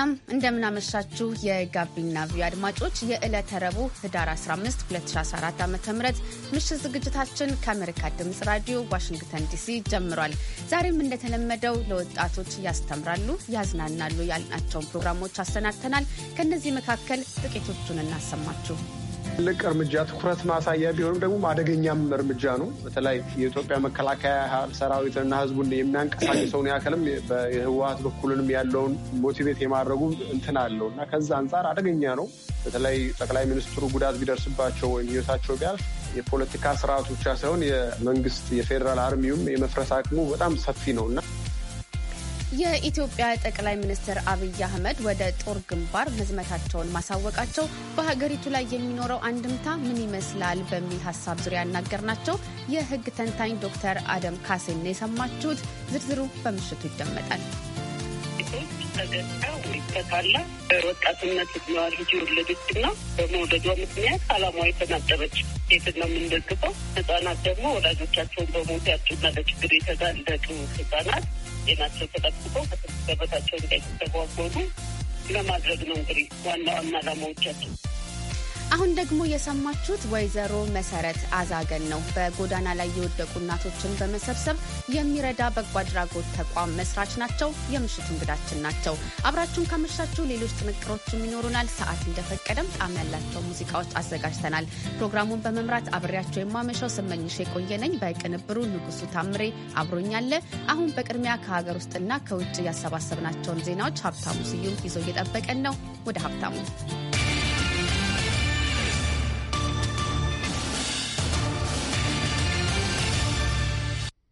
ሰላም እንደምናመሻችሁ የጋቢና ቪ አድማጮች የዕለተ ረቡዕ ህዳር 15 2014 ዓ ም ምሽት ዝግጅታችን ከአሜሪካ ድምፅ ራዲዮ ዋሽንግተን ዲሲ ጀምሯል። ዛሬም እንደተለመደው ለወጣቶች ያስተምራሉ፣ ያዝናናሉ ያልናቸውን ፕሮግራሞች አሰናድተናል። ከእነዚህ መካከል ጥቂቶቹን እናሰማችሁ። ትልቅ እርምጃ ትኩረት ማሳያ ቢሆንም ደግሞ አደገኛም እርምጃ ነው። በተለይ የኢትዮጵያ መከላከያ ሰራዊትንና ህዝቡን የሚያንቀሳቅሰውን ያክልም በህወሀት በኩልንም ያለውን ሞቲቬት የማድረጉ እንትን አለው እና ከዛ አንጻር አደገኛ ነው። በተለይ ጠቅላይ ሚኒስትሩ ጉዳት ቢደርስባቸው ወይም ህይወታቸው ቢያልፍ የፖለቲካ ስርዓቱ ብቻ ሳይሆን የመንግስት የፌዴራል አርሚውም የመፍረስ አቅሙ በጣም ሰፊ ነው እና የኢትዮጵያ ጠቅላይ ሚኒስትር አብይ አህመድ ወደ ጦር ግንባር መዝመታቸውን ማሳወቃቸው በሀገሪቱ ላይ የሚኖረው አንድምታ ምን ይመስላል በሚል ሀሳብ ዙሪያ ያናገርናቸው የህግ ተንታኝ ዶክተር አደም ካሴን የሰማችሁት። ዝርዝሩ በምሽቱ ይደመጣል። ወጣትነት ነዋል ልጅ የወለደች እና በመውለዷ ምክንያት አላማዋ የተናጠበች ሴትን ነው የምንደግፈው። ህጻናት ደግሞ ወላጆቻቸውን በሞት ያጡና ለችግር የተጋለጡ ህጻናት ጤናቸው ተጠብቆ ከስደበታቸው እንዳይተጓጎሉ ለማድረግ ነው እንግዲህ ዋና ዋና ዓላማዎቻቸው። አሁን ደግሞ የሰማችሁት ወይዘሮ መሰረት አዛገን ነው። በጎዳና ላይ የወደቁ እናቶችን በመሰብሰብ የሚረዳ በጎ አድራጎት ተቋም መስራች ናቸው። የምሽቱ እንግዳችን ናቸው። አብራችሁን ካመሻችሁ ሌሎች ጥንቅሮችም ይኖሩናል። ሰዓት እንደፈቀደም ጣም ያላቸው ሙዚቃዎች አዘጋጅተናል። ፕሮግራሙን በመምራት አብሬያቸው የማመሻው ስመኝሽ የቆየነኝ፣ በቅንብሩ ንጉሱ ታምሬ አብሮኛለ። አሁን በቅድሚያ ከሀገር ውስጥና ከውጭ ያሰባሰብናቸውን ዜናዎች ሀብታሙ ስዩም ይዞ እየጠበቀን ነው። ወደ ሀብታሙ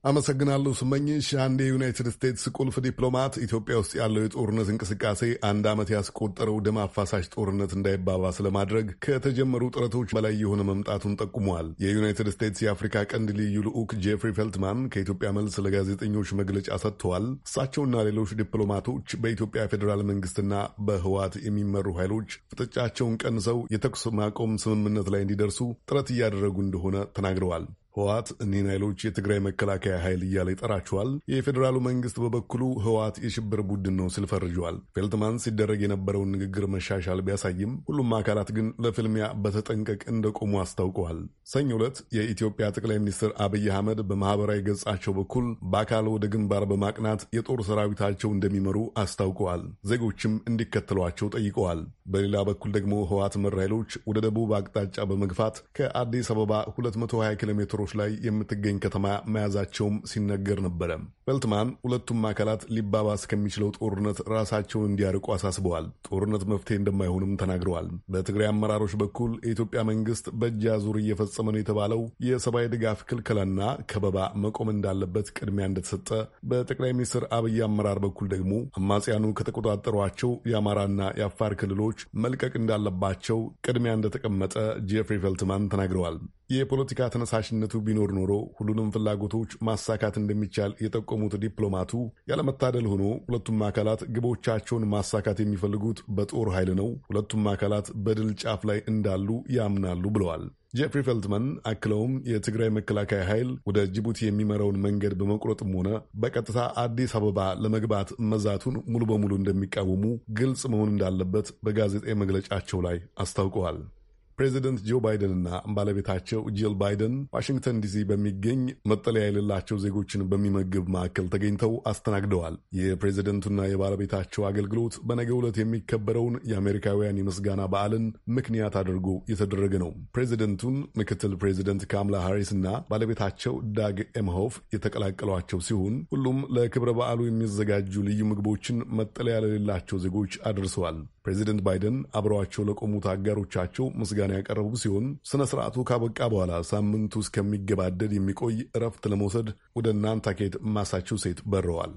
አመሰግናለሁ ስመኝሽ። አንድ የዩናይትድ ስቴትስ ቁልፍ ዲፕሎማት ኢትዮጵያ ውስጥ ያለው የጦርነት እንቅስቃሴ አንድ ዓመት ያስቆጠረው ደም አፋሳሽ ጦርነት እንዳይባባስ ለማድረግ ከተጀመሩ ጥረቶች በላይ የሆነ መምጣቱን ጠቁመዋል። የዩናይትድ ስቴትስ የአፍሪካ ቀንድ ልዩ ልዑክ ጄፍሪ ፌልትማን ከኢትዮጵያ መልስ ለጋዜጠኞች መግለጫ ሰጥተዋል። እሳቸውና ሌሎች ዲፕሎማቶች በኢትዮጵያ ፌዴራል መንግስትና በህዋት የሚመሩ ኃይሎች ፍጥጫቸውን ቀንሰው የተኩስ ማቆም ስምምነት ላይ እንዲደርሱ ጥረት እያደረጉ እንደሆነ ተናግረዋል። ህወሓት እኒህን ኃይሎች የትግራይ መከላከያ ኃይል እያለ ይጠራቸዋል። የፌዴራሉ መንግስት በበኩሉ ህወሓት የሽብር ቡድን ነው ሲል ፈርጀዋል። ፌልትማን ሲደረግ የነበረውን ንግግር መሻሻል ቢያሳይም ሁሉም አካላት ግን ለፍልሚያ በተጠንቀቅ እንደቆሙ አስታውቀዋል። ሰኞ ዕለት የኢትዮጵያ ጠቅላይ ሚኒስትር አብይ አህመድ በማህበራዊ ገጻቸው በኩል በአካል ወደ ግንባር በማቅናት የጦር ሰራዊታቸው እንደሚመሩ አስታውቀዋል። ዜጎችም እንዲከተሏቸው ጠይቀዋል። በሌላ በኩል ደግሞ ህወሓት መር ኃይሎች ወደ ደቡብ አቅጣጫ በመግፋት ከአዲስ አበባ 220 ኪሎ ሜትሮች መስመሮች ላይ የምትገኝ ከተማ መያዛቸውም ሲነገር ነበረ። ፌልትማን ሁለቱም አካላት ሊባባስ ከሚችለው ጦርነት ራሳቸውን እንዲያርቁ አሳስበዋል። ጦርነት መፍትሄ እንደማይሆንም ተናግረዋል። በትግራይ አመራሮች በኩል የኢትዮጵያ መንግስት በእጅ አዙር እየፈጸመ ነው የተባለው የሰብአዊ ድጋፍ ክልከላና ከበባ መቆም እንዳለበት ቅድሚያ እንደተሰጠ፣ በጠቅላይ ሚኒስትር አብይ አመራር በኩል ደግሞ አማጽያኑ ከተቆጣጠሯቸው የአማራና የአፋር ክልሎች መልቀቅ እንዳለባቸው ቅድሚያ እንደተቀመጠ ጄፍሪ ፌልትማን ተናግረዋል። የፖለቲካ ተነሳሽነቱ ቢኖር ኖሮ ሁሉንም ፍላጎቶች ማሳካት እንደሚቻል የጠቆሙት ዲፕሎማቱ ያለመታደል ሆኖ ሁለቱም አካላት ግቦቻቸውን ማሳካት የሚፈልጉት በጦር ኃይል ነው፣ ሁለቱም አካላት በድል ጫፍ ላይ እንዳሉ ያምናሉ ብለዋል። ጄፍሪ ፌልትመን አክለውም የትግራይ መከላከያ ኃይል ወደ ጅቡቲ የሚመራውን መንገድ በመቁረጥም ሆነ በቀጥታ አዲስ አበባ ለመግባት መዛቱን ሙሉ በሙሉ እንደሚቃወሙ ግልጽ መሆን እንዳለበት በጋዜጣዊ መግለጫቸው ላይ አስታውቀዋል። ፕሬዚደንት ጆ ባይደንና ባለቤታቸው ጂል ባይደን ዋሽንግተን ዲሲ በሚገኝ መጠለያ የሌላቸው ዜጎችን በሚመግብ ማዕከል ተገኝተው አስተናግደዋል። የፕሬዚደንቱና የባለቤታቸው አገልግሎት በነገ ዕለት የሚከበረውን የአሜሪካውያን የምስጋና በዓልን ምክንያት አድርጎ የተደረገ ነው። ፕሬዚደንቱን ምክትል ፕሬዚደንት ካምላ እና ባለቤታቸው ዳግ ኤምሆፍ የተቀላቀሏቸው ሲሆን ሁሉም ለክብረ በዓሉ የሚዘጋጁ ልዩ ምግቦችን መጠለያ ለሌላቸው ዜጎች አድርሰዋል። ፕሬዚደንት ባይደን አብረዋቸው ለቆሙት አጋሮቻቸው ምስጋና ያቀረቡ ሲሆን ስነ ስርዓቱ ካበቃ በኋላ ሳምንቱ እስከሚገባደድ የሚቆይ እረፍት ለመውሰድ ወደ ናንታኬት ማሳቹሴት በረዋል።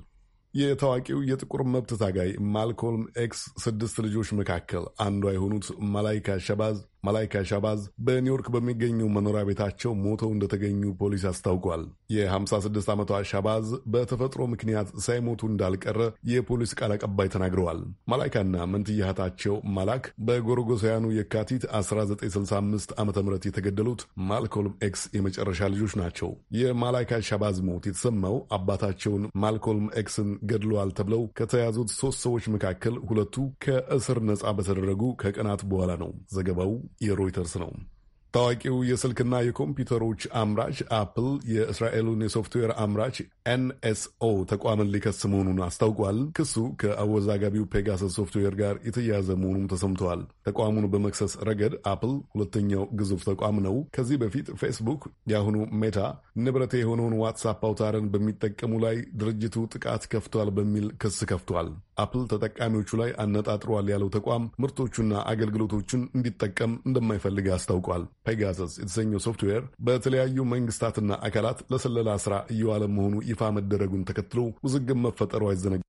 የታዋቂው የጥቁር መብት ታጋይ ማልኮልም ኤክስ ስድስት ልጆች መካከል አንዷ የሆኑት ማላይካ ሸባዝ መላይካ ሻባዝ በኒውዮርክ በሚገኘው መኖሪያ ቤታቸው ሞተው እንደተገኙ ፖሊስ አስታውቋል። የ56 ዓመቷ ሻባዝ በተፈጥሮ ምክንያት ሳይሞቱ እንዳልቀረ የፖሊስ ቃል አቀባይ ተናግረዋል። መላይካና መንትያህታቸው ማላክ በጎረጎሳያኑ የካቲት 1965 ዓ ም የተገደሉት ማልኮልም ኤክስ የመጨረሻ ልጆች ናቸው። የማላይካ ሻባዝ ሞት የተሰማው አባታቸውን ማልኮልም ኤክስን ገድለዋል ተብለው ከተያዙት ሦስት ሰዎች መካከል ሁለቱ ከእስር ነጻ በተደረጉ ከቀናት በኋላ ነው። ዘገባው የሮይተርስ ነው። ታዋቂው የስልክና የኮምፒውተሮች አምራች አፕል የእስራኤሉን የሶፍትዌር አምራች ኤንኤስኦ ተቋምን ሊከስ መሆኑን አስታውቋል። ክሱ ከአወዛጋቢው ፔጋሰስ ሶፍትዌር ጋር የተያያዘ መሆኑም ተሰምተዋል። ተቋሙን በመክሰስ ረገድ አፕል ሁለተኛው ግዙፍ ተቋም ነው። ከዚህ በፊት ፌስቡክ የአሁኑ ሜታ ንብረት የሆነውን ዋትሳፕ አውታርን በሚጠቀሙ ላይ ድርጅቱ ጥቃት ከፍቷል በሚል ክስ ከፍቷል። አፕል ተጠቃሚዎቹ ላይ አነጣጥሯል ያለው ተቋም ምርቶቹና አገልግሎቶቹን እንዲጠቀም እንደማይፈልግ አስታውቋል። ፔጋሰስ የተሰኘው ሶፍትዌር በተለያዩ መንግስታትና አካላት ለስለላ ስራ እየዋለ መሆኑ ይፋ መደረጉን ተከትሎ ውዝግብ መፈጠሩ አይዘነጋም።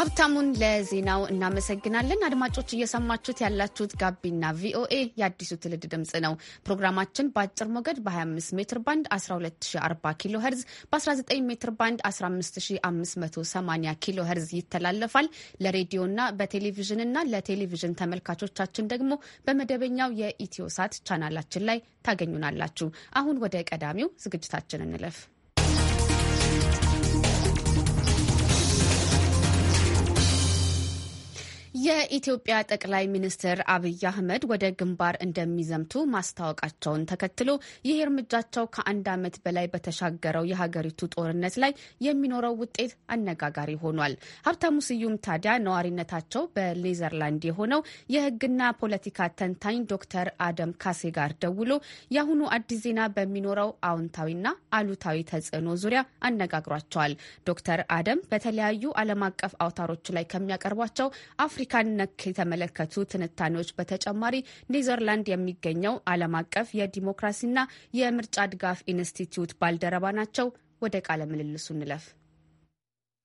ሀብታሙን ለዜናው እናመሰግናለን። አድማጮች እየሰማችሁት ያላችሁት ጋቢና ቪኦኤ የአዲሱ ትውልድ ድምጽ ነው። ፕሮግራማችን በአጭር ሞገድ በ25 ሜትር ባንድ 1240 ኪሎ ሄርዝ፣ በ19 ሜትር ባንድ 15580 ኪሎ ሄርዝ ይተላለፋል። ለሬዲዮና በቴሌቪዥንና ለቴሌቪዥን ተመልካቾቻችን ደግሞ በመደበኛው የኢትዮሳት ቻናላችን ላይ ታገኙናላችሁ። አሁን ወደ ቀዳሚው ዝግጅታችን እንለፍ። የኢትዮጵያ ጠቅላይ ሚኒስትር አብይ አህመድ ወደ ግንባር እንደሚዘምቱ ማስታወቃቸውን ተከትሎ ይህ እርምጃቸው ከአንድ ዓመት በላይ በተሻገረው የሀገሪቱ ጦርነት ላይ የሚኖረው ውጤት አነጋጋሪ ሆኗል። ሀብታሙ ስዩም ታዲያ ነዋሪነታቸው በኔዘርላንድ የሆነው የሕግና ፖለቲካ ተንታኝ ዶክተር አደም ካሴ ጋር ደውሎ የአሁኑ አዲስ ዜና በሚኖረው አዎንታዊና አሉታዊ ተጽዕኖ ዙሪያ አነጋግሯቸዋል። ዶክተር አደም በተለያዩ ዓለም አቀፍ አውታሮች ላይ ከሚያቀርቧቸው አፍሪካን ነክ የተመለከቱ ትንታኔዎች በተጨማሪ ኔዘርላንድ የሚገኘው ዓለም አቀፍ የዲሞክራሲና የምርጫ ድጋፍ ኢንስቲትዩት ባልደረባ ናቸው። ወደ ቃለ ምልልሱ እንለፍ።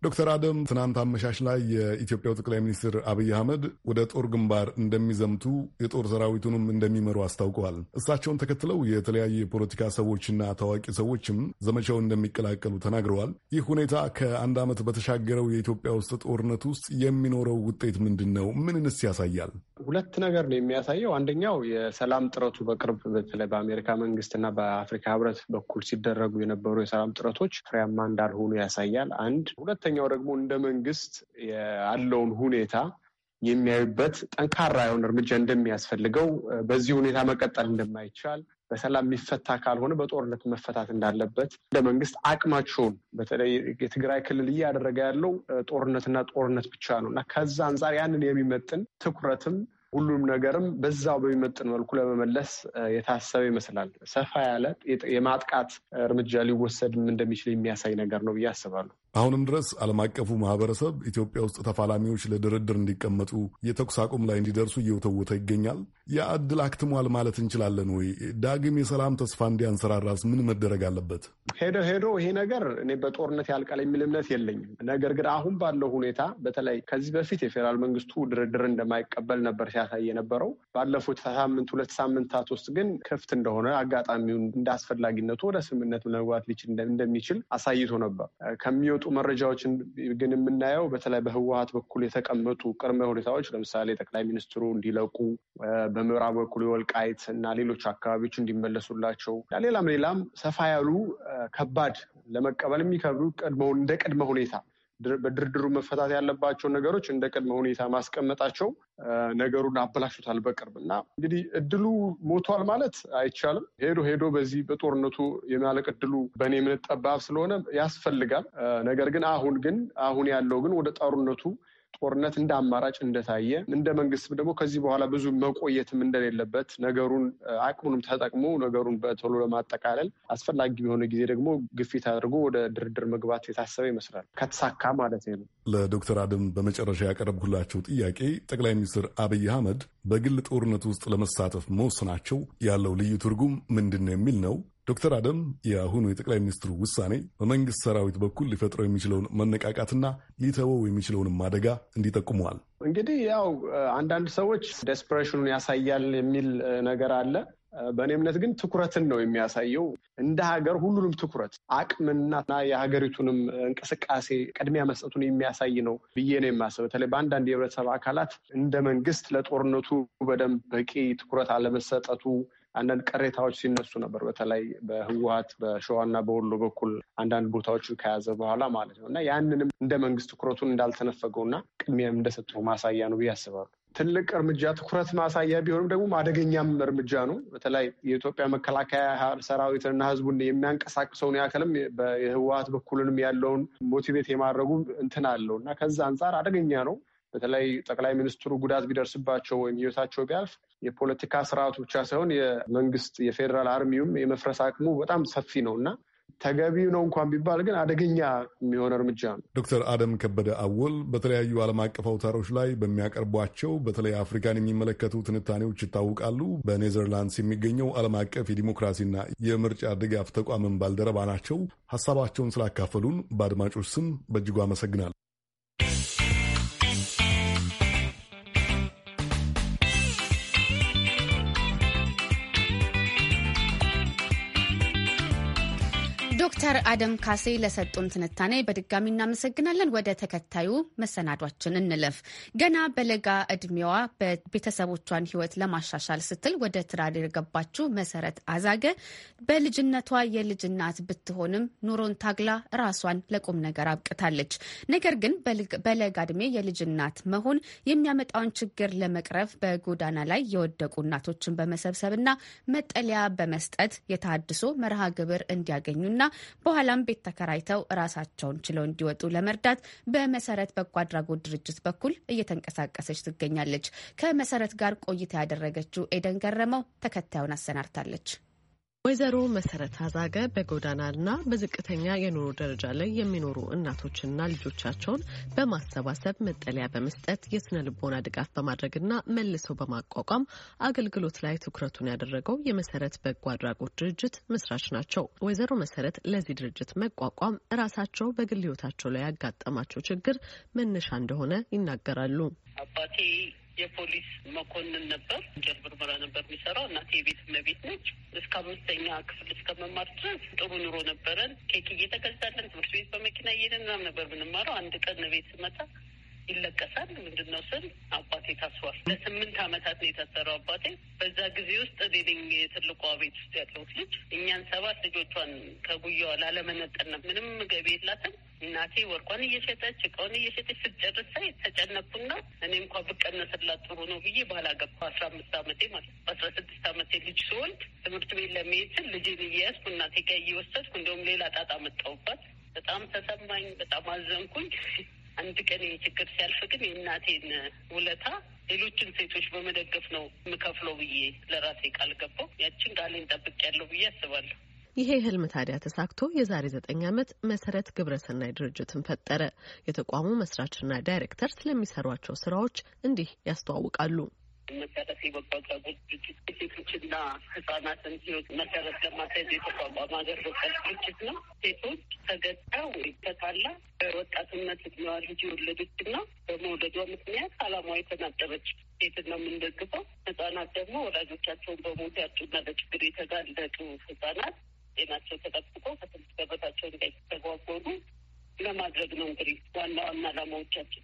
ዶክተር አደም ትናንት አመሻሽ ላይ የኢትዮጵያው ጠቅላይ ሚኒስትር አብይ አህመድ ወደ ጦር ግንባር እንደሚዘምቱ የጦር ሰራዊቱንም እንደሚመሩ አስታውቀዋል። እሳቸውን ተከትለው የተለያዩ የፖለቲካ ሰዎችና ታዋቂ ሰዎችም ዘመቻውን እንደሚቀላቀሉ ተናግረዋል። ይህ ሁኔታ ከአንድ ዓመት በተሻገረው የኢትዮጵያ ውስጥ ጦርነት ውስጥ የሚኖረው ውጤት ምንድን ነው? ምንንስ ያሳያል? ሁለት ነገር ነው የሚያሳየው። አንደኛው የሰላም ጥረቱ በቅርብ በተለይ በአሜሪካ መንግስትና በአፍሪካ ህብረት በኩል ሲደረጉ የነበሩ የሰላም ጥረቶች ፍሬያማ እንዳልሆኑ ያሳያል። አንድ ሁለት ሁለተኛው ደግሞ እንደ መንግስት ያለውን ሁኔታ የሚያዩበት ጠንካራ የሆነ እርምጃ እንደሚያስፈልገው፣ በዚህ ሁኔታ መቀጠል እንደማይቻል፣ በሰላም የሚፈታ ካልሆነ በጦርነት መፈታት እንዳለበት እንደ መንግስት አቅማቸውን በተለይ የትግራይ ክልል እያደረገ ያለው ጦርነትና ጦርነት ብቻ ነው እና ከዛ አንጻር ያንን የሚመጥን ትኩረትም ሁሉም ነገርም በዛው በሚመጥን መልኩ ለመመለስ የታሰበ ይመስላል። ሰፋ ያለ የማጥቃት እርምጃ ሊወሰድም እንደሚችል የሚያሳይ ነገር ነው ብዬ አስባለሁ። አሁንም ድረስ ዓለም አቀፉ ማህበረሰብ ኢትዮጵያ ውስጥ ተፋላሚዎች ለድርድር እንዲቀመጡ የተኩስ አቁም ላይ እንዲደርሱ እየወተወተ ይገኛል። ያ ዕድል አክትሟል ማለት እንችላለን ወይ? ዳግም የሰላም ተስፋ እንዲያንሰራራስ ምን መደረግ አለበት? ሄዶ ሄዶ ይሄ ነገር እኔ በጦርነት ያልቃል የሚል እምነት የለኝም። ነገር ግን አሁን ባለው ሁኔታ በተለይ ከዚህ በፊት የፌዴራል መንግስቱ ድርድር እንደማይቀበል ነበር ሲያሳይ የነበረው። ባለፉት ሳምንት ሁለት ሳምንታት ውስጥ ግን ክፍት እንደሆነ አጋጣሚውን እንደ አስፈላጊነቱ ወደ ስምምነት ለመግባት ሊችል እንደሚችል አሳይቶ ነበር ከሚወጡ የሚወጡ መረጃዎችን ግን የምናየው በተለይ በህወሀት በኩል የተቀመጡ ቅድመ ሁኔታዎች ለምሳሌ ጠቅላይ ሚኒስትሩ እንዲለቁ፣ በምዕራብ በኩል የወልቃይት እና ሌሎች አካባቢዎች እንዲመለሱላቸው ሌላም ሌላም ሰፋ ያሉ ከባድ ለመቀበል የሚከብዱ እንደ ቅድመ ሁኔታ በድርድሩ መፈታት ያለባቸው ነገሮች እንደ ቅድመ ሁኔታ ማስቀመጣቸው ነገሩን አበላሹታል በቅርብ እና እንግዲህ እድሉ ሞቷል ማለት አይቻልም። ሄዶ ሄዶ በዚህ በጦርነቱ የማለቅ እድሉ በእኔ የምንጠባብ ጠባብ ስለሆነ ያስፈልጋል። ነገር ግን አሁን ግን አሁን ያለው ግን ወደ ጦርነቱ ጦርነት እንደ አማራጭ እንደታየ እንደ መንግስትም ደግሞ ከዚህ በኋላ ብዙ መቆየትም እንደሌለበት ነገሩን አቅሙንም ተጠቅሞ ነገሩን በቶሎ ለማጠቃለል አስፈላጊ በሆነ ጊዜ ደግሞ ግፊት አድርጎ ወደ ድርድር መግባት የታሰበ ይመስላል። ከተሳካ ማለት ነው። ለዶክተር አድም በመጨረሻ ያቀረብኩላቸው ጥያቄ ጠቅላይ ሚኒስትር አብይ አህመድ በግል ጦርነት ውስጥ ለመሳተፍ መወሰናቸው ያለው ልዩ ትርጉም ምንድን ነው የሚል ነው። ዶክተር አደም የአሁኑ የጠቅላይ ሚኒስትሩ ውሳኔ በመንግስት ሰራዊት በኩል ሊፈጥረው የሚችለውን መነቃቃትና ሊተወው የሚችለውንም አደጋ እንዲጠቁመዋል። እንግዲህ ያው አንዳንድ ሰዎች ዴስፐሬሽኑን ያሳያል የሚል ነገር አለ። በእኔ እምነት ግን ትኩረትን ነው የሚያሳየው። እንደ ሀገር ሁሉንም ትኩረት አቅምና የሀገሪቱንም እንቅስቃሴ ቅድሚያ መስጠቱን የሚያሳይ ነው ብዬ ነው የማስበው። በተለይ በአንዳንድ የህብረተሰብ አካላት እንደ መንግስት ለጦርነቱ በደንብ በቂ ትኩረት አለመሰጠቱ አንዳንድ ቅሬታዎች ሲነሱ ነበር። በተለይ በህወሀት በሸዋና በወሎ በኩል አንዳንድ ቦታዎችን ከያዘ በኋላ ማለት ነው እና ያንንም እንደ መንግስት ትኩረቱን እንዳልተነፈገውና ቅድሚያም እንደሰጡ ማሳያ ነው ብዬ አስባለሁ። ትልቅ እርምጃ ትኩረት ማሳያ ቢሆንም ደግሞ አደገኛም እርምጃ ነው። በተለይ የኢትዮጵያ መከላከያ ሰራዊትንና ህዝቡን የሚያንቀሳቅሰውን ያክልም በህወሀት በኩልንም ያለውን ሞቲቬት የማድረጉ እንትን አለው እና ከዛ አንጻር አደገኛ ነው። በተለይ ጠቅላይ ሚኒስትሩ ጉዳት ቢደርስባቸው ወይም ህይወታቸው ቢያልፍ የፖለቲካ ስርዓቱ ብቻ ሳይሆን የመንግስት የፌዴራል አርሚውም የመፍረስ አቅሙ በጣም ሰፊ ነው እና ተገቢ ነው እንኳን ቢባል ግን አደገኛ የሚሆን እርምጃ ነው። ዶክተር አደም ከበደ አወል በተለያዩ ዓለም አቀፍ አውታሮች ላይ በሚያቀርቧቸው በተለይ አፍሪካን የሚመለከቱ ትንታኔዎች ይታወቃሉ። በኔዘርላንድስ የሚገኘው ዓለም አቀፍ የዲሞክራሲና የምርጫ ድጋፍ ተቋምን ባልደረባ ናቸው። ሀሳባቸውን ስላካፈሉን በአድማጮች ስም በእጅጉ አመሰግናል ዶክተር አደም ካሴ ለሰጡን ትንታኔ በድጋሚ እናመሰግናለን። ወደ ተከታዩ መሰናዷችን እንለፍ። ገና በለጋ እድሜዋ በቤተሰቦቿን ሕይወት ለማሻሻል ስትል ወደ ትዳር የገባችው መሰረት አዛገ በልጅነቷ የልጅ እናት ብትሆንም ኑሮን ታግላ ራሷን ለቁም ነገር አብቅታለች። ነገር ግን በለጋ እድሜ የልጅ እናት መሆን የሚያመጣውን ችግር ለመቅረፍ በጎዳና ላይ የወደቁ እናቶችን በመሰብሰብና መጠለያ በመስጠት የታድሶ መርሃ ግብር እንዲያገኙና በኋላም ቤት ተከራይተው ራሳቸውን ችለው እንዲወጡ ለመርዳት በመሰረት በጎ አድራጎት ድርጅት በኩል እየተንቀሳቀሰች ትገኛለች። ከመሰረት ጋር ቆይታ ያደረገችው ኤደን ገረመው ተከታዩን አሰናድታለች። ወይዘሮ መሰረት አዛገ በጎዳናና በዝቅተኛ የኑሮ ደረጃ ላይ የሚኖሩ እናቶችና ልጆቻቸውን በማሰባሰብ መጠለያ በመስጠት የስነ ልቦና ድጋፍ በማድረግና መልሰው በማቋቋም አገልግሎት ላይ ትኩረቱን ያደረገው የመሰረት በጎ አድራጎት ድርጅት መስራች ናቸው። ወይዘሮ መሰረት ለዚህ ድርጅት መቋቋም ራሳቸው በግል ህይወታቸው ላይ ያጋጠማቸው ችግር መነሻ እንደሆነ ይናገራሉ። አባቴ የፖሊስ መኮንን ነበር። ወንጀል ምርመራ ነበር የሚሰራው። እናቴ የቤት እመቤት ነች። እስከ አምስተኛ ክፍል እስከ መማር ድረስ ጥሩ ኑሮ ነበረን። ኬክ እየተገዛለን ትምህርት ቤት በመኪና እየሄድን ምናምን ነበር ምንማረው። አንድ ቀን ቤት ስመጣ ይለቀሳል። ምንድን ነው ስል አባቴ ታስሯል። ለስምንት አመታት ነው የታሰረው አባቴ። በዛ ጊዜ ውስጥ ሌለኝ የትልቋ ቤት ውስጥ ያለሁት ልጅ እኛን ሰባት ልጆቿን ከጉያዋ ላለመነጠል ነው። ምንም ገቢ የላትም እናቴ ወርቋን እየሸጠች እቃውን እየሸጠች ስትጨርሳ የተጨነኩና እኔ እንኳ ብቀነስላት ጥሩ ነው ብዬ ባላገባ አስራ አምስት አመቴ ማለት በአስራ ስድስት አመቴ ልጅ ስወልድ ትምህርት ቤት ለመሄድ ስል ልጄን እየያዝኩ እናቴ ጋር እየወሰድኩ እንዲሁም ሌላ ጣጣ መጣሁባት። በጣም ተሰማኝ። በጣም አዘንኩኝ። አንድ ቀን ችግር ሲያልፍ ግን የእናቴን ውለታ ሌሎችን ሴቶች በመደገፍ ነው የምከፍለው ብዬ ለራሴ ቃል ገባው። ያችን ቃሌን ጠብቄያለሁ ብዬ አስባለሁ። ይሄ ህልም ታዲያ ተሳክቶ የዛሬ ዘጠኝ ዓመት መሰረት ግብረሰናይ ድርጅትን ፈጠረ። የተቋሙ መስራችና ዳይሬክተር ስለሚሰሯቸው ስራዎች እንዲህ ያስተዋውቃሉ። መሰረት የበጎ አድራጎት ድርጅት ህጻናትን ህይወት መሰረት የተቋቋመ ሀገር በቀል ድርጅት ነው። ሴቶች ተገዳ ተታላ በወጣትነት እድሜዋ ልጅ በመውለዷ ምክንያት አላማ የተናጠበች ሴትን ነው የምንደግፈው። ህጻናት ደግሞ ወላጆቻቸውን በሞት ያጡና ለችግር የተጋለጡ ህጻናት ጤናቸው ተጠብቆ ከትምህርት ገበታቸው ለማድረግ ነው እንግዲህ ዋና ዋና አላማዎቻችን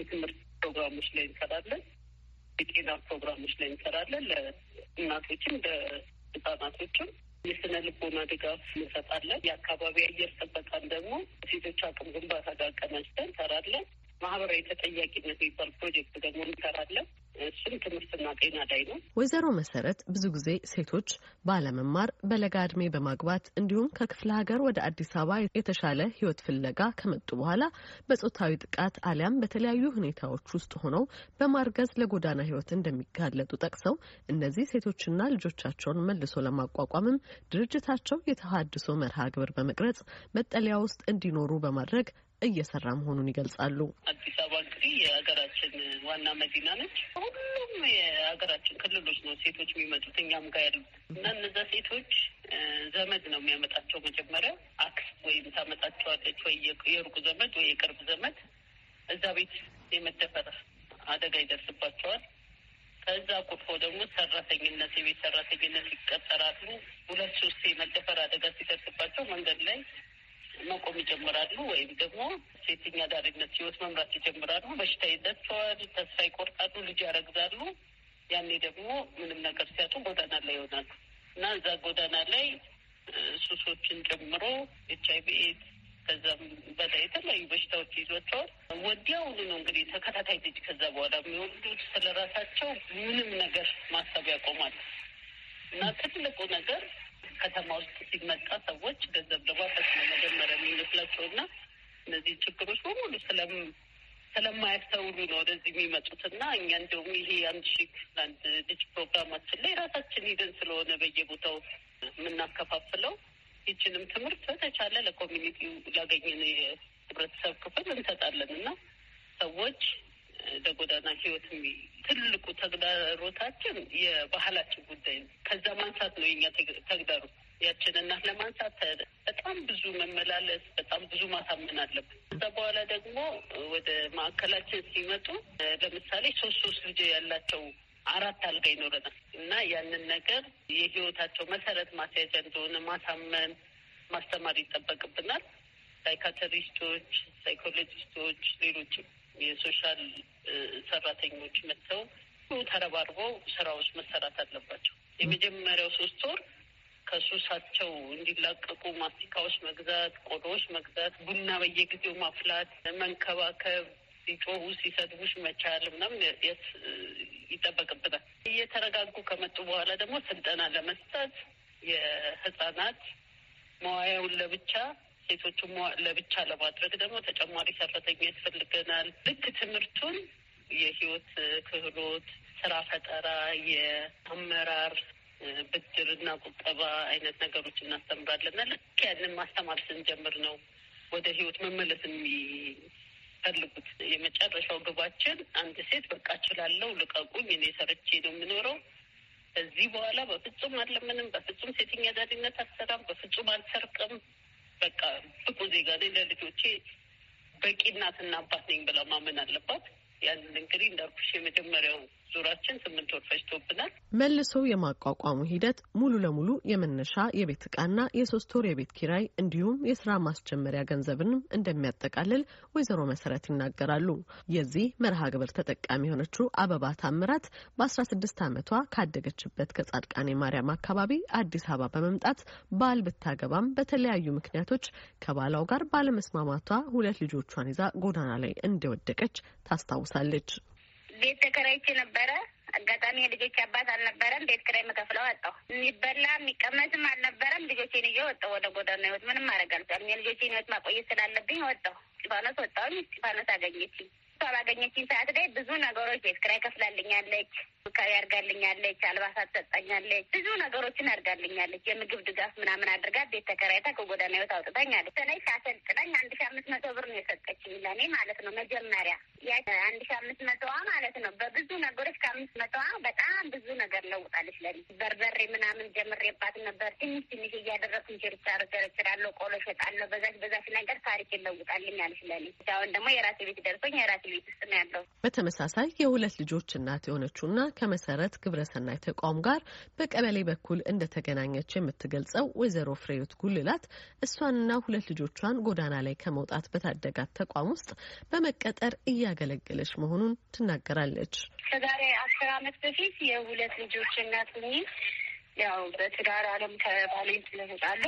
የትምህርት ፕሮግራሞች ላይ እንሰራለን። የጤና ፕሮግራሞች ላይ እንሰራለን። ለእናቶችም ለህጻናቶችም የስነ ልቦና ድጋፍ እንሰጣለን። የአካባቢ አየር ጥበቃን ደግሞ ሴቶች አቅም ግንባታ ጋር ቀናጅተን እንሰራለን። ማህበራዊ ተጠያቂነት የሚባል ፕሮጀክት ደግሞ እንሰራለን። እሱም ትምህርትና ጤና ላይ ነው። ወይዘሮ መሰረት ብዙ ጊዜ ሴቶች ባለመማር በለጋ እድሜ በማግባት እንዲሁም ከክፍለ ሀገር ወደ አዲስ አበባ የተሻለ ህይወት ፍለጋ ከመጡ በኋላ በጾታዊ ጥቃት አሊያም በተለያዩ ሁኔታዎች ውስጥ ሆነው በማርገዝ ለጎዳና ህይወት እንደሚጋለጡ ጠቅሰው እነዚህ ሴቶችና ልጆቻቸውን መልሶ ለማቋቋምም ድርጅታቸው የተሃድሶ መርሃ ግብር በመቅረጽ መጠለያ ውስጥ እንዲኖሩ በማድረግ እየሰራ መሆኑን ይገልጻሉ። አዲስ አበባ እንግዲህ የሀገራችን ዋና መዲና ነች። ሁሉም የሀገራችን ክልሎች ነው ሴቶች የሚመጡት እኛም ጋር ያሉት እና እነዛ ሴቶች ዘመድ ነው የሚያመጣቸው። መጀመሪያ አክስ ወይም ታመጣቸዋለች ወይ የሩቁ ዘመድ ወይ የቅርብ ዘመድ እዛ ቤት የመደፈር አደጋ ይደርስባቸዋል። ከዛ ቁርፎ ደግሞ ሰራተኝነት የቤት ሰራተኝነት ይቀጠራሉ። ሁለት ሶስት የመደፈር አደጋ ሲደርስባቸው መንገድ ላይ መቆም ይጀምራሉ፣ ወይም ደግሞ ሴተኛ አዳሪነት ህይወት መምራት ይጀምራሉ። በሽታ ይዛቸዋል፣ ተስፋ ይቆርጣሉ፣ ልጅ ያረግዛሉ። ያኔ ደግሞ ምንም ነገር ሲያጡ ጎዳና ላይ ይሆናሉ እና እዛ ጎዳና ላይ ሱሶችን ጨምሮ ኤች አይቪ ኤድስ ከዛም በላይ የተለያዩ በሽታዎች ይዟቸዋል። ወዲያውኑ ነው እንግዲህ ተከታታይ ልጅ ከዛ በኋላ የሚወልዱት ስለ ራሳቸው ምንም ነገር ማሰብ ያቆማል እና ትልቁ ነገር ከተማ ውስጥ ሲመጣ ሰዎች ገንዘብ ለማፈስ ነው መጀመሪያ የሚመስላቸው እና እነዚህ ችግሮች በሙሉ ስለም ስለማያስተውሉ ነው ወደዚህ የሚመጡት እና እኛ እንዲሁም ይሄ አንድ ሺ አንድ ልጅ ፕሮግራማችን ላይ ራሳችን ሂደን ስለሆነ በየቦታው የምናከፋፍለው ይችንም ትምህርት በተቻለ ለኮሚኒቲው ላገኘን የህብረተሰብ ክፍል እንሰጣለን እና ሰዎች ለጎዳና ህይወት ትልቁ ተግዳሮታችን የባህላችን ጉዳይ ነው። ከዛ ማንሳት ነው የኛ ተግዳሮ ያችን እናት ለማንሳት በጣም ብዙ መመላለስ፣ በጣም ብዙ ማሳመን አለብን። ከዛ በኋላ ደግሞ ወደ ማዕከላችን ሲመጡ ለምሳሌ ሶስት ሶስት ልጅ ያላቸው አራት አልጋ ይኖረናል እና ያንን ነገር የህይወታቸው መሰረት ማስያዣ እንደሆነ ማሳመን ማስተማር ይጠበቅብናል። ሳይካትሪስቶች፣ ሳይኮሎጂስቶች፣ ሌሎችም የሶሻል ሰራተኞች መጥተው ተረባርበው ስራዎች መሰራት አለባቸው። የመጀመሪያው ሶስት ወር ከሱሳቸው እንዲላቀቁ ማስቲካዎች መግዛት፣ ቆዶዎች መግዛት፣ ቡና በየጊዜው ማፍላት፣ መንከባከብ፣ ሲጮሁ ሲሰድቡሽ መቻል ምናምን ይጠበቅብናል። እየተረጋጉ ከመጡ በኋላ ደግሞ ስልጠና ለመስጠት የህጻናት መዋያውን ለብቻ ሴቶቹም ለብቻ ለማድረግ ደግሞ ተጨማሪ ሰራተኛ ያስፈልገናል። ልክ ትምህርቱን የህይወት ክህሎት፣ ስራ ፈጠራ፣ የአመራር እና ቁጠባ አይነት ነገሮች እናስተምራለን። ልክ ያንን ማስተማር ስንጀምር ነው ወደ ህይወት መመለስ የሚፈልጉት። የመጨረሻው ግባችን አንድ ሴት በቃ እችላለሁ፣ ልቀቁኝ፣ እኔ ሰርቼ ነው የምኖረው ከዚህ በኋላ በፍጹም አለምንም በፍጹም ሴተኛ አዳሪነት አልሰራም፣ በፍጹም አልሰርቅም፣ በቃ ብቁ ዜጋ ነኝ ለልጆቼ በቂ እናትና አባት ነኝ ብላ ማመን አለባት። ያንን እንግዲህ እንዳልኩሽ የመጀመሪያው ዙራችን ስምንት ወር ፈጅቶብናል። መልሶ የማቋቋሙ ሂደት ሙሉ ለሙሉ የመነሻ የቤት እቃና የሶስት ወር የቤት ኪራይ እንዲሁም የስራ ማስጀመሪያ ገንዘብንም እንደሚያጠቃልል ወይዘሮ መሰረት ይናገራሉ። የዚህ መርሃ ግብር ተጠቃሚ የሆነችው አበባ ታምራት በአስራ ስድስት ዓመቷ ካደገችበት ከጻድቃኔ ማርያም አካባቢ አዲስ አበባ በመምጣት ባል ብታገባም በተለያዩ ምክንያቶች ከባሏው ጋር ባለመስማማቷ ሁለት ልጆቿን ይዛ ጎዳና ላይ እንደወደቀች ታስታውሳለች። ቤት ተከራይቼ ነበረ። አጋጣሚ የልጆች አባት አልነበረም። ቤት ክራይ መከፍለው ወጣሁ። የሚበላ የሚቀመስም አልነበረም። ልጆቼን ይዤ ወጣሁ ወደ ጎዳና ህይወት። ምንም ማድረግ የልጆቼን ህይወት ማቆየት ስላለብኝ ወጣሁ። እስጢፋኖስ ወጣሁኝ። እስጢፋኖስ አገኘችኝ። ባገኘችኝ ሰዓት ላይ ብዙ ነገሮች ቤት ክራይ ከፍላልኛለች፣ ሩካቤ አድርጋልኛለች፣ አልባሳት ሰጠኛለች፣ ብዙ ነገሮችን አድርጋልኛለች። የምግብ ድጋፍ ምናምን አድርጋ ቤት ተከራይታ ከጎዳና ህይወት አውጥታኛለች። ተለይ ሳሰልጥለኝ አንድ ሺ አምስት መቶ ብር ነው የሰጠችኝ ለእኔ ማለት ነው። መጀመሪያ ያ አንድ ሺ አምስት መቶዋ ማለት ነው በብዙ ነገሮች ከአምስት መቶዋ በጣም ብዙ ነገር ለውጣለች ለኔ። በርበሬ ምናምን ጀምሬባት ነበር ትንሽ ትንሽ እያደረኩ እንችርቻር ቸርችራለሁ፣ ቆሎ ሸጣለሁ። በዛች በዛች ነገር ታሪክ ይለውጣልኛለች ለኔ። አሁን ደግሞ የራሴ ቤት ደርሶኝ የራሴ ያለው። በተመሳሳይ የሁለት ልጆች እናት የሆነችውና ከመሰረት ግብረሰናይ ተቋም ጋር በቀበሌ በኩል እንደተገናኘች የምትገልጸው ወይዘሮ ፍሬዮት ጉልላት እሷንና ሁለት ልጆቿን ጎዳና ላይ ከመውጣት በታደጋት ተቋም ውስጥ በመቀጠር እያገለገለች መሆኑን ትናገራለች። ከዛሬ አስር አመት በፊት የሁለት ልጆች እናት ሁኚ ያው በትዳር አለም ከባሌ ስለተጣሉ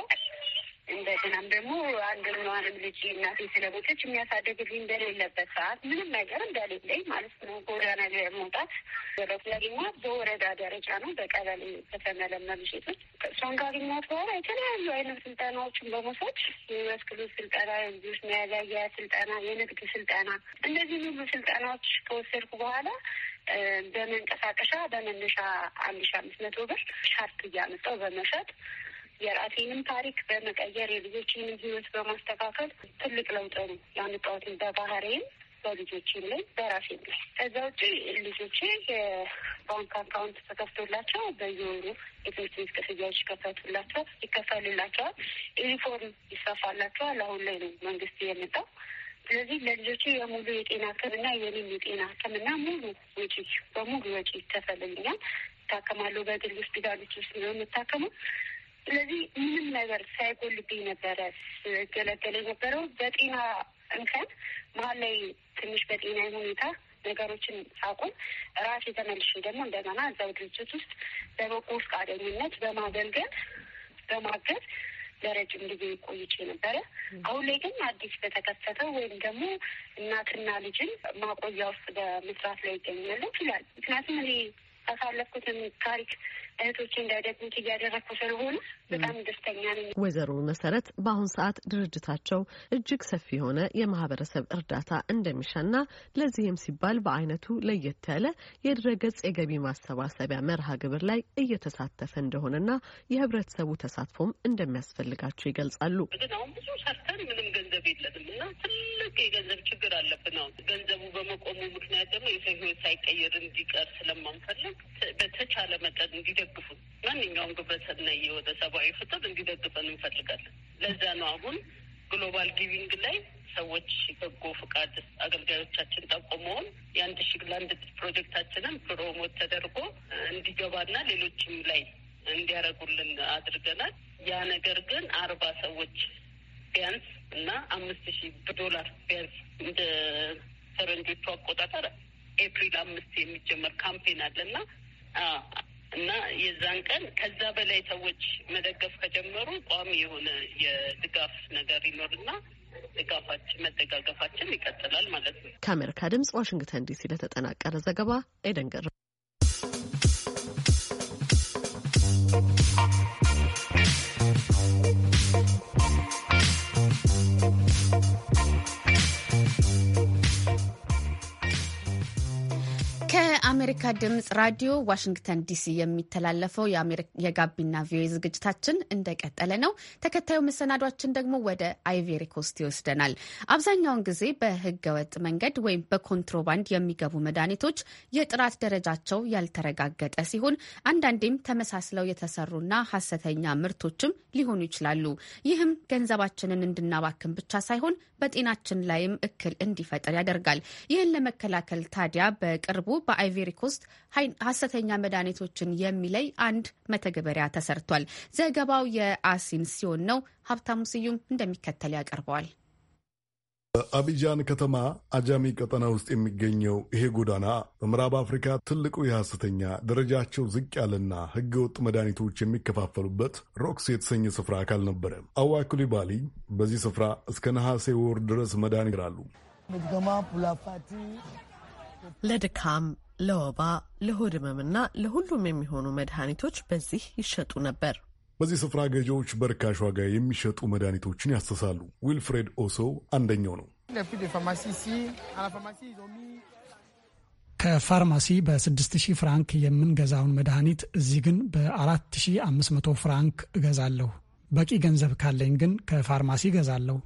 እንደገናም ደግሞ አንደኛዋንም ልጅ እናቴ ስለሞተች የሚያሳደግልኝ እንደሌለበት ሰዓት ምንም ነገር እንደሌለኝ ማለት ነው። ጎዳና መውጣት ወደፍላግኛ በወረዳ ደረጃ ነው በቀበሌ በተመለመሉ ሴቶች እሷን ካገኘኋት በኋላ የተለያዩ አይነት ስልጠናዎችን በመውሰድ የመስክሎች ስልጠና፣ የልጆች መያዣያ ስልጠና፣ የንግድ ስልጠና እንደዚህ ሁሉ ስልጠናዎች ከወሰድኩ በኋላ በመንቀሳቀሻ በመነሻ አንድ ሺ አምስት መቶ ብር ሻርፕ እያመጣው በመሸጥ የራሴንም ታሪክ በመቀየር የልጆችንም ህይወት በማስተካከል ትልቅ ለውጥ ነው ያመጣሁትን በባህሬም በልጆችም ላይ በራሴም ላይ። ከዛ ውጭ ልጆቼ የባንክ አካውንት ተከፍቶላቸው በየወሩ የትምህርት ቤት ክፍያዎች ይከፈቱላቸው ይከፈልላቸዋል። ዩኒፎርም ይሰፋላቸዋል። አሁን ላይ ነው መንግስት የመጣው። ስለዚህ ለልጆቹ የሙሉ የጤና ሕክምና የኔም የጤና ሕክምና ሙሉ ወጪ በሙሉ ወጪ ይከፈልልኛል። ይታከማሉ። በግል ሆስፒታሎች ውስጥ ነው የምታከመው። ስለዚህ ምንም ነገር ሳይጎልብኝ ነበረ ገለገለ የነበረው በጤና እንከን መሀል ላይ ትንሽ በጤና ሁኔታ ነገሮችን ሳቆም ራሴ የተመልሽ ደግሞ እንደገና እዛው ድርጅት ውስጥ በበጎ ፈቃደኝነት በማገልገል በማገዝ ለረጅም ጊዜ ቆይቼ ነበረ። አሁን ላይ ግን አዲስ በተከፈተው ወይም ደግሞ እናትና ልጅን ማቆያ ውስጥ በመስራት ላይ ይገኛለሁ ይላል። ምክንያቱም እኔ ካሳለፍኩትም ታሪክ እህቶች እንዳይደግሙት እያደረግኩ ስለሆነ በጣም ደስተኛ ነኝ። ወይዘሮ መሰረት በአሁን ሰዓት ድርጅታቸው እጅግ ሰፊ የሆነ የማህበረሰብ እርዳታ እንደሚሻና ለዚህም ሲባል በአይነቱ ለየት ያለ የድረገጽ የገቢ ማሰባሰቢያ መርሃ ግብር ላይ እየተሳተፈ እንደሆነና የህብረተሰቡ ተሳትፎም እንደሚያስፈልጋቸው ይገልጻሉ። ብዙ ገንዘብ የለንም እና ትልቅ የገንዘብ ችግር አለብን። አሁን ገንዘቡ በመቆሙ ምክንያት ደግሞ የሰው ህይወት ሳይቀየር እንዲቀር ስለማንፈልግ በተቻለ መጠን እንዲደግፉ ማንኛውም ግብረሰናይ የሆነ ሰብአዊ ፍጥር እንዲደግፈን እንፈልጋለን። ለዛ ነው አሁን ግሎባል ጊቪንግ ላይ ሰዎች በጎ ፍቃድ አገልጋዮቻችን ጠቆመውን የአንድ ሺ ለአንድ ፕሮጀክታችንን ፕሮሞት ተደርጎ እንዲገባና ሌሎችም ላይ እንዲያደርጉልን አድርገናል። ያ ነገር ግን አርባ ሰዎች ቢያንስ እና አምስት ሺህ ዶላር ቢያዝ እንደ ፈረንጆቹ አቆጣጠር ኤፕሪል አምስት የሚጀመር ካምፔን አለ እና እና የዛን ቀን ከዛ በላይ ሰዎች መደገፍ ከጀመሩ ቋሚ የሆነ የድጋፍ ነገር ይኖርና ድጋፋችን መደጋገፋችን ይቀጥላል ማለት ነው። ከአሜሪካ ድምጽ ዋሽንግተን ዲሲ ለተጠናቀረ ዘገባ ኤደን ገር ከአሜሪካ ድምፅ ራዲዮ ዋሽንግተን ዲሲ የሚተላለፈው የጋቢና ቪኦኤ ዝግጅታችን እንደቀጠለ ነው። ተከታዩ መሰናዷችን ደግሞ ወደ አይቬሪ ኮስት ይወስደናል። አብዛኛውን ጊዜ በህገወጥ መንገድ ወይም በኮንትሮባንድ የሚገቡ መድኃኒቶች የጥራት ደረጃቸው ያልተረጋገጠ ሲሆን አንዳንዴም ተመሳስለው የተሰሩና ሀሰተኛ ምርቶችም ሊሆኑ ይችላሉ። ይህም ገንዘባችንን እንድናባክን ብቻ ሳይሆን በጤናችን ላይም እክል እንዲፈጠር ያደርጋል። ይህን ለመከላከል ታዲያ በቅርቡ በአይቬሪ ኮስት ውስጥ ሀሰተኛ መድኃኒቶችን የሚለይ አንድ መተግበሪያ ተሰርቷል። ዘገባው የአሲን ሲሆን ነው። ሀብታሙ ስዩም እንደሚከተል ያቀርበዋል። በአቢጃን ከተማ አጃሚ ቀጠና ውስጥ የሚገኘው ይሄ ጎዳና በምዕራብ አፍሪካ ትልቁ የሐሰተኛ ደረጃቸው ዝቅ ያለና ወጥ መድኃኒቶች የሚከፋፈሉበት ሮክስ የተሰኘ ስፍራ አካል ነበረ። አዋ በዚህ ስፍራ እስከ ነሐሴ ወር ድረስ መድኃኒት ይራሉ። ለድካም ለወባ፣ ለሆድ ህመምና ለሁሉም የሚሆኑ መድኃኒቶች በዚህ ይሸጡ ነበር። በዚህ ስፍራ ገዢዎች በርካሽ ዋጋ የሚሸጡ መድኃኒቶችን ያሰሳሉ። ዊልፍሬድ ኦሶ አንደኛው ነው። ከፋርማሲ በ6000 ፍራንክ የምንገዛውን መድኃኒት እዚህ ግን በ4500 ፍራንክ እገዛለሁ። በቂ ገንዘብ ካለኝ ግን ከፋርማሲ እገዛለሁ።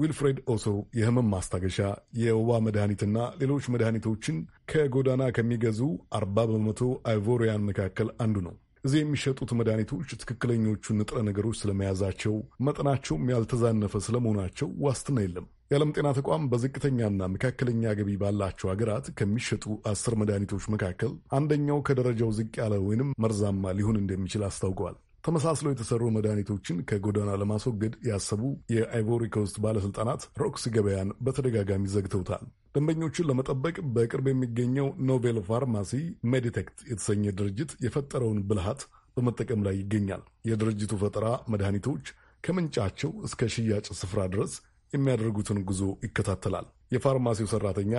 ዊልፍሬድ ኦሶ የህመም ማስታገሻ የወባ መድኃኒትና ሌሎች መድኃኒቶችን ከጎዳና ከሚገዙ 40 በመቶ አይቮሪያን መካከል አንዱ ነው። እዚህ የሚሸጡት መድኃኒቶች ትክክለኞቹ ንጥረ ነገሮች ስለመያዛቸው መጠናቸውም ያልተዛነፈ ስለመሆናቸው ዋስትና የለም። የዓለም ጤና ተቋም በዝቅተኛና መካከለኛ ገቢ ባላቸው ሀገራት ከሚሸጡ አስር መድኃኒቶች መካከል አንደኛው ከደረጃው ዝቅ ያለ ወይንም መርዛማ ሊሆን እንደሚችል አስታውቀዋል። ተመሳስለው የተሰሩ መድኃኒቶችን ከጎዳና ለማስወገድ ያሰቡ የአይቮሪ ኮስት ባለሥልጣናት ሮክስ ገበያን በተደጋጋሚ ዘግተውታል። ደንበኞቹን ለመጠበቅ በቅርብ የሚገኘው ኖቬል ፋርማሲ ሜዲቴክት የተሰኘ ድርጅት የፈጠረውን ብልሃት በመጠቀም ላይ ይገኛል። የድርጅቱ ፈጠራ መድኃኒቶች ከምንጫቸው እስከ ሽያጭ ስፍራ ድረስ የሚያደርጉትን ጉዞ ይከታተላል። የፋርማሲው ሰራተኛ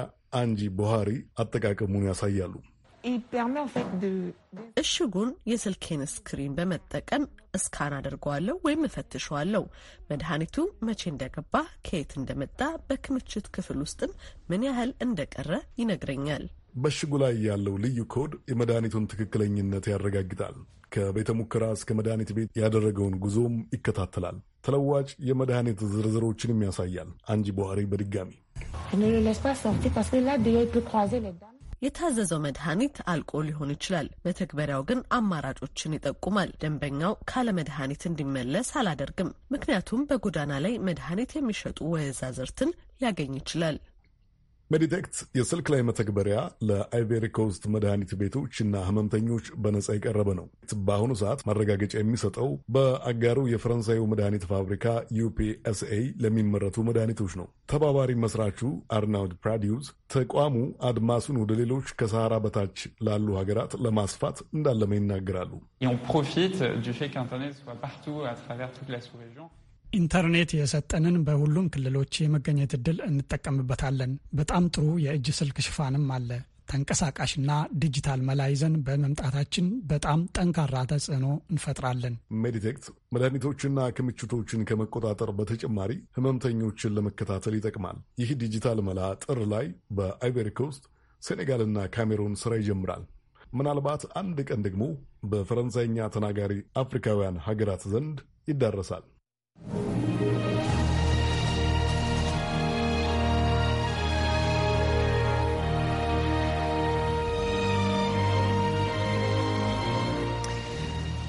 አንጂ ቦሃሪ አጠቃቀሙን ያሳያሉ። እሽጉን የስልኬን ስክሪን በመጠቀም እስካን አድርገዋለሁ ወይም እፈትሸዋለሁ። መድኃኒቱ መቼ እንደገባ፣ ከየት እንደመጣ፣ በክምችት ክፍል ውስጥም ምን ያህል እንደቀረ ይነግረኛል። በእሽጉ ላይ ያለው ልዩ ኮድ የመድኃኒቱን ትክክለኝነት ያረጋግጣል። ከቤተ ሙከራ እስከ መድኃኒት ቤት ያደረገውን ጉዞም ይከታተላል። ተለዋጭ የመድኃኒት ዝርዝሮችንም ያሳያል። አንጂ በኋሪ በድጋሚ የታዘዘው መድኃኒት አልቆ ሊሆን ይችላል። መተግበሪያው ግን አማራጮችን ይጠቁማል። ደንበኛው ካለ መድኃኒት እንዲመለስ አላደርግም፣ ምክንያቱም በጎዳና ላይ መድኃኒት የሚሸጡ ወዛዝርትን ሊያገኝ ይችላል። ሜዲቴክት የስልክ ላይ መተግበሪያ ኮስት መድኃኒት ቤቶች እና ህመምተኞች በነጻ የቀረበ ነው። በአሁኑ ሰዓት ማረጋገጫ የሚሰጠው በአጋሩ የፈረንሳዩ መድኃኒት ፋብሪካ ዩፒኤስኤ ለሚመረቱ መድኃኒቶች ነው። ተባባሪ መስራቹ አርናውድ ፕራዲውዝ ተቋሙ አድማሱን ወደ ሌሎች ከሰሃራ በታች ላሉ ሀገራት ለማስፋት እንዳለመ ይናገራሉ። ኢንተርኔት የሰጠንን በሁሉም ክልሎች የመገኘት እድል እንጠቀምበታለን። በጣም ጥሩ የእጅ ስልክ ሽፋንም አለ። ተንቀሳቃሽና ዲጂታል መላ ይዘን በመምጣታችን በጣም ጠንካራ ተጽዕኖ እንፈጥራለን። ሜዲቴክት መድኃኒቶችና ክምችቶችን ከመቆጣጠር በተጨማሪ ህመምተኞችን ለመከታተል ይጠቅማል። ይህ ዲጂታል መላ ጥር ላይ በአይቨሪ ኮስት፣ ሴኔጋልና ካሜሩን ስራ ይጀምራል። ምናልባት አንድ ቀን ደግሞ በፈረንሳይኛ ተናጋሪ አፍሪካውያን ሀገራት ዘንድ ይዳረሳል።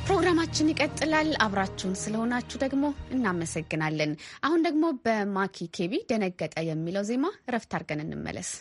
ፕሮግራማችን ይቀጥላል። አብራችሁን ስለሆናችሁ ደግሞ እናመሰግናለን። አሁን ደግሞ በማኪ ኬቢ ደነገጠ የሚለው ዜማ እረፍት አድርገን እንመለስ።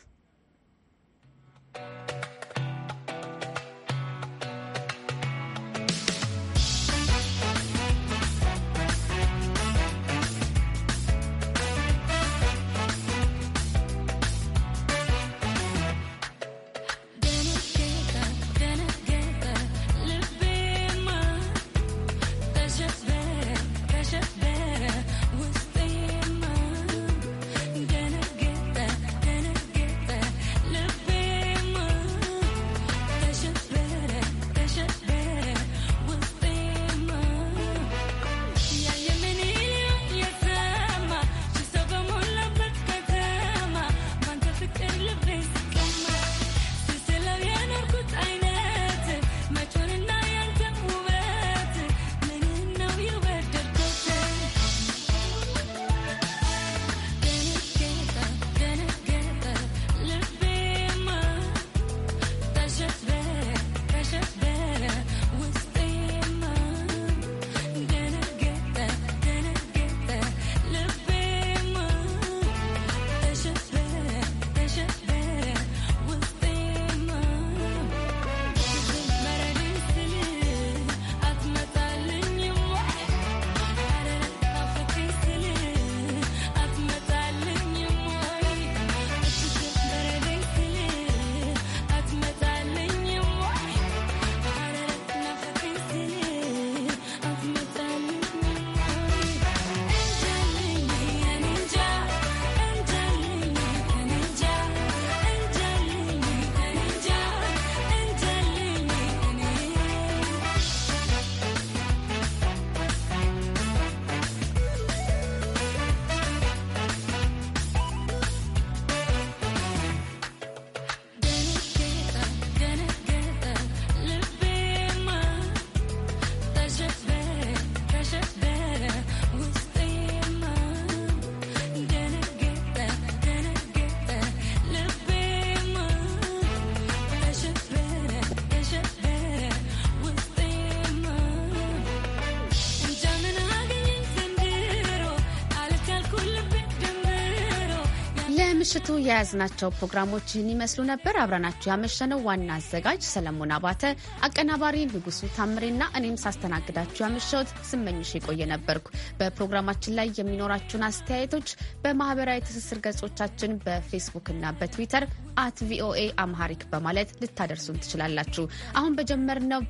ለምሽቱ የያዝናቸው ፕሮግራሞች ይህን ይመስሉ ነበር። አብረናችሁ ያመሸነው ዋና አዘጋጅ ሰለሞን አባተ፣ አቀናባሪ ንጉሱ ታምሬና እኔም ሳስተናግዳችሁ ያመሸሁት ስመኝሽ የቆየ ነበርኩ። በፕሮግራማችን ላይ የሚኖራችሁን አስተያየቶች በማህበራዊ ትስስር ገጾቻችን በፌስቡክና በትዊተር አት ቪኦኤ አምሃሪክ በማለት ልታደርሱን ትችላላችሁ። አሁን በጀመርነው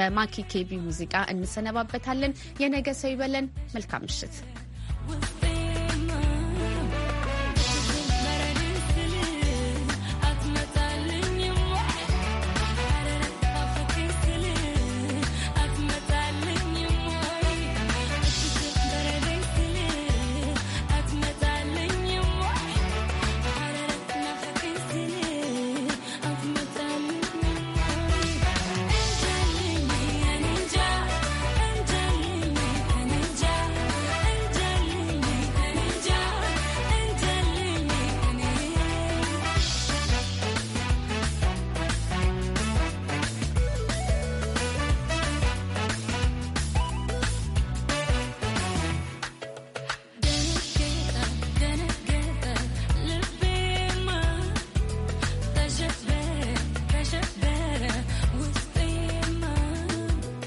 በማኪ ኬቢ ሙዚቃ እንሰነባበታለን። የነገ ሰው ይበለን። መልካም ምሽት።